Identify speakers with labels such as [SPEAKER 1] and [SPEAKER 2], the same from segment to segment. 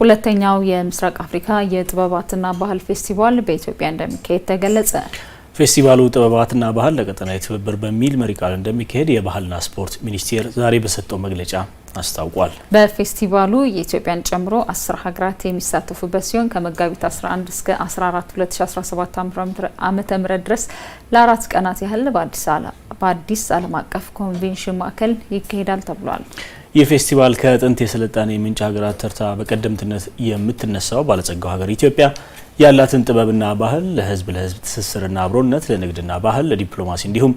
[SPEAKER 1] ሁለተኛው የምስራቅ አፍሪካ የጥበባትና ባህል ፌስቲቫል በኢትዮጵያ እንደሚካሄድ ተገለጸ።
[SPEAKER 2] ፌስቲቫሉ ጥበባትና ባህል ለቀጠና የትብብር በሚል መሪ ቃል እንደሚካሄድ የባህልና ስፖርት ሚኒስቴር ዛሬ በሰጠው መግለጫ አስታውቋል።
[SPEAKER 1] በፌስቲቫሉ የኢትዮጵያን ጨምሮ አስር ሀገራት የሚሳተፉበት ሲሆን ከመጋቢት 11 እስከ 14 2017 ዓ ም ድረስ ለአራት ቀናት ያህል በአዲስ ዓለም አቀፍ ኮንቬንሽን ማዕከል ይካሄዳል ተብሏል።
[SPEAKER 2] ይህ ፌስቲቫል ከጥንት የስልጣኔ ምንጭ ሀገራት ተርታ በቀደምትነት የምትነሳው ባለጸጋው ሀገር ኢትዮጵያ ያላትን ጥበብና ባህል ለህዝብ ለህዝብ ትስስርና አብሮነት፣ ለንግድና ባህል፣ ለዲፕሎማሲ እንዲሁም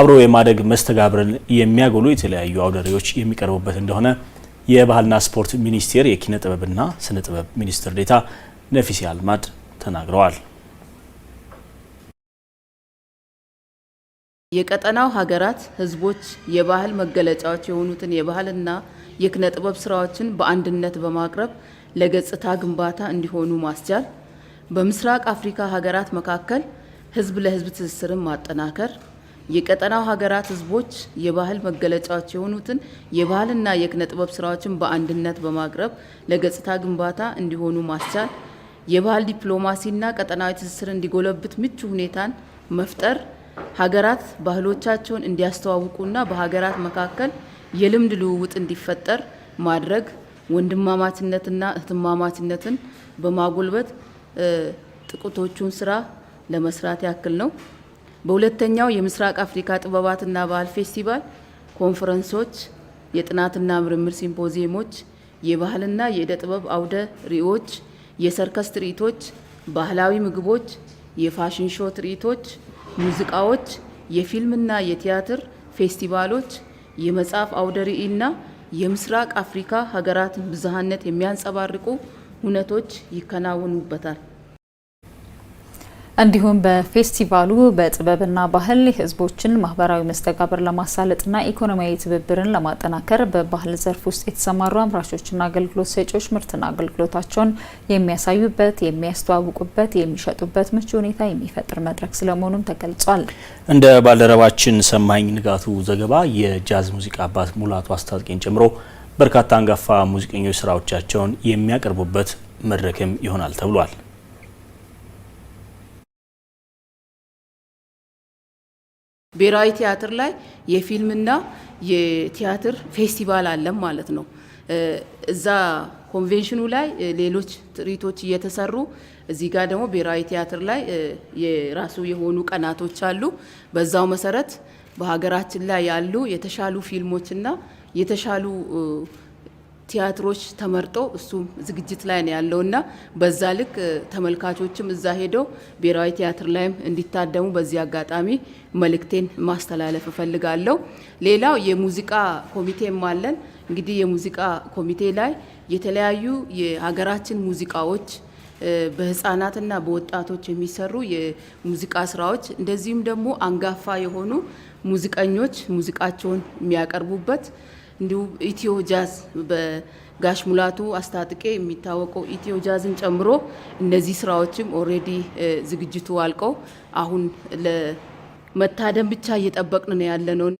[SPEAKER 2] አብሮ የማደግ መስተጋብርን የሚያጎሉ የተለያዩ አውደሬዎች የሚቀርቡበት እንደሆነ የባህልና ስፖርት ሚኒስቴር የኪነ ጥበብና ስነ ጥበብ ሚኒስትር ዴታ ነፊሴ አልማድ ተናግረዋል።
[SPEAKER 1] የቀጠናው ሀገራት ህዝቦች የባህል መገለጫዎች የሆኑትን የባህልና የኪነ ጥበብ ስራዎችን በአንድነት በማቅረብ ለገጽታ ግንባታ እንዲሆኑ ማስቻል፣ በምስራቅ አፍሪካ ሀገራት መካከል ህዝብ ለህዝብ ትስስርን ማጠናከር፣ የቀጠናው ሀገራት ህዝቦች የባህል መገለጫዎች የሆኑትን የባህልና የኪነ ጥበብ ስራዎችን በአንድነት በማቅረብ ለገጽታ ግንባታ እንዲሆኑ ማስቻል፣ የባህል ዲፕሎማሲና ቀጠናዊ ትስስር እንዲጎለብት ምቹ ሁኔታን መፍጠር ሀገራት ባህሎቻቸውን እንዲያስተዋውቁና በሀገራት መካከል የልምድ ልውውጥ እንዲፈጠር ማድረግ ወንድማማችነትና እህትማማችነትን በማጎልበት ጥቂቶቹን ስራ ለመስራት ያክል ነው። በሁለተኛው የምስራቅ አፍሪካ ጥበባትና ባህል ፌስቲቫል ኮንፈረንሶች፣ የጥናትና ምርምር ሲምፖዚየሞች፣ የባህልና የእደ ጥበብ አውደ ርዕዮች፣ የሰርከስ ትርኢቶች፣ ባህላዊ ምግቦች፣ የፋሽን ሾ ትርኢቶች ሙዚቃዎች፣ የፊልምና የቲያትር ፌስቲቫሎች፣ የመጽሐፍ አውደ ርዕይና የምስራቅ አፍሪካ ሀገራት ብዝሃነት የሚያንጸባርቁ ሁነቶች ይከናወኑበታል። እንዲሁም በፌስቲቫሉ በጥበብና ባህል ህዝቦችን ማህበራዊ መስተጋብር ለማሳለጥና ኢኮኖሚያዊ ትብብርን ለማጠናከር በባህል ዘርፍ ውስጥ የተሰማሩ አምራቾችና አገልግሎት ሰጪዎች ምርትና አገልግሎታቸውን የሚያሳዩበት፣ የሚያስተዋውቁበት፣ የሚሸጡበት ምቹ ሁኔታ የሚፈጥር መድረክ ስለመሆኑም ተገልጿል።
[SPEAKER 2] እንደ ባልደረባችን ሰማኝ ንጋቱ ዘገባ የጃዝ ሙዚቃ አባት ሙላቱ አስታጥቄን ጨምሮ በርካታ አንጋፋ ሙዚቀኞች ስራዎቻቸውን የሚያቀርቡበት መድረክም ይሆናል ተብሏል።
[SPEAKER 1] ብሔራዊ ቲያትር ላይ የፊልምና የቲያትር ፌስቲቫል አለም ማለት ነው። እዛ ኮንቬንሽኑ ላይ ሌሎች ትርኢቶች እየተሰሩ እዚህ ጋር ደግሞ ብሔራዊ ቲያትር ላይ የራሱ የሆኑ ቀናቶች አሉ። በዛው መሰረት በሀገራችን ላይ ያሉ የተሻሉ ፊልሞችና የተሻሉ ቲያትሮች ተመርጦ እሱም ዝግጅት ላይ ነው ያለውና በዛ ልክ ተመልካቾችም እዛ ሄደው ብሔራዊ ቲያትር ላይም እንዲታደሙ በዚህ አጋጣሚ መልእክቴን ማስተላለፍ እፈልጋለሁ። ሌላው የሙዚቃ ኮሚቴም አለን። እንግዲህ የሙዚቃ ኮሚቴ ላይ የተለያዩ የሀገራችን ሙዚቃዎች በህፃናትና በወጣቶች የሚሰሩ የሙዚቃ ስራዎች እንደዚሁም ደግሞ አንጋፋ የሆኑ ሙዚቀኞች ሙዚቃቸውን የሚያቀርቡበት እንዲሁ ኢትዮ ጃዝ በጋሽ ሙላቱ አስታጥቄ የሚታወቀው ኢትዮ ጃዝን ጨምሮ እነዚህ ስራዎችም ኦልሬዲ ዝግጅቱ አልቀው አሁን ለመታደም ብቻ እየጠበቅን ነው ያለነው።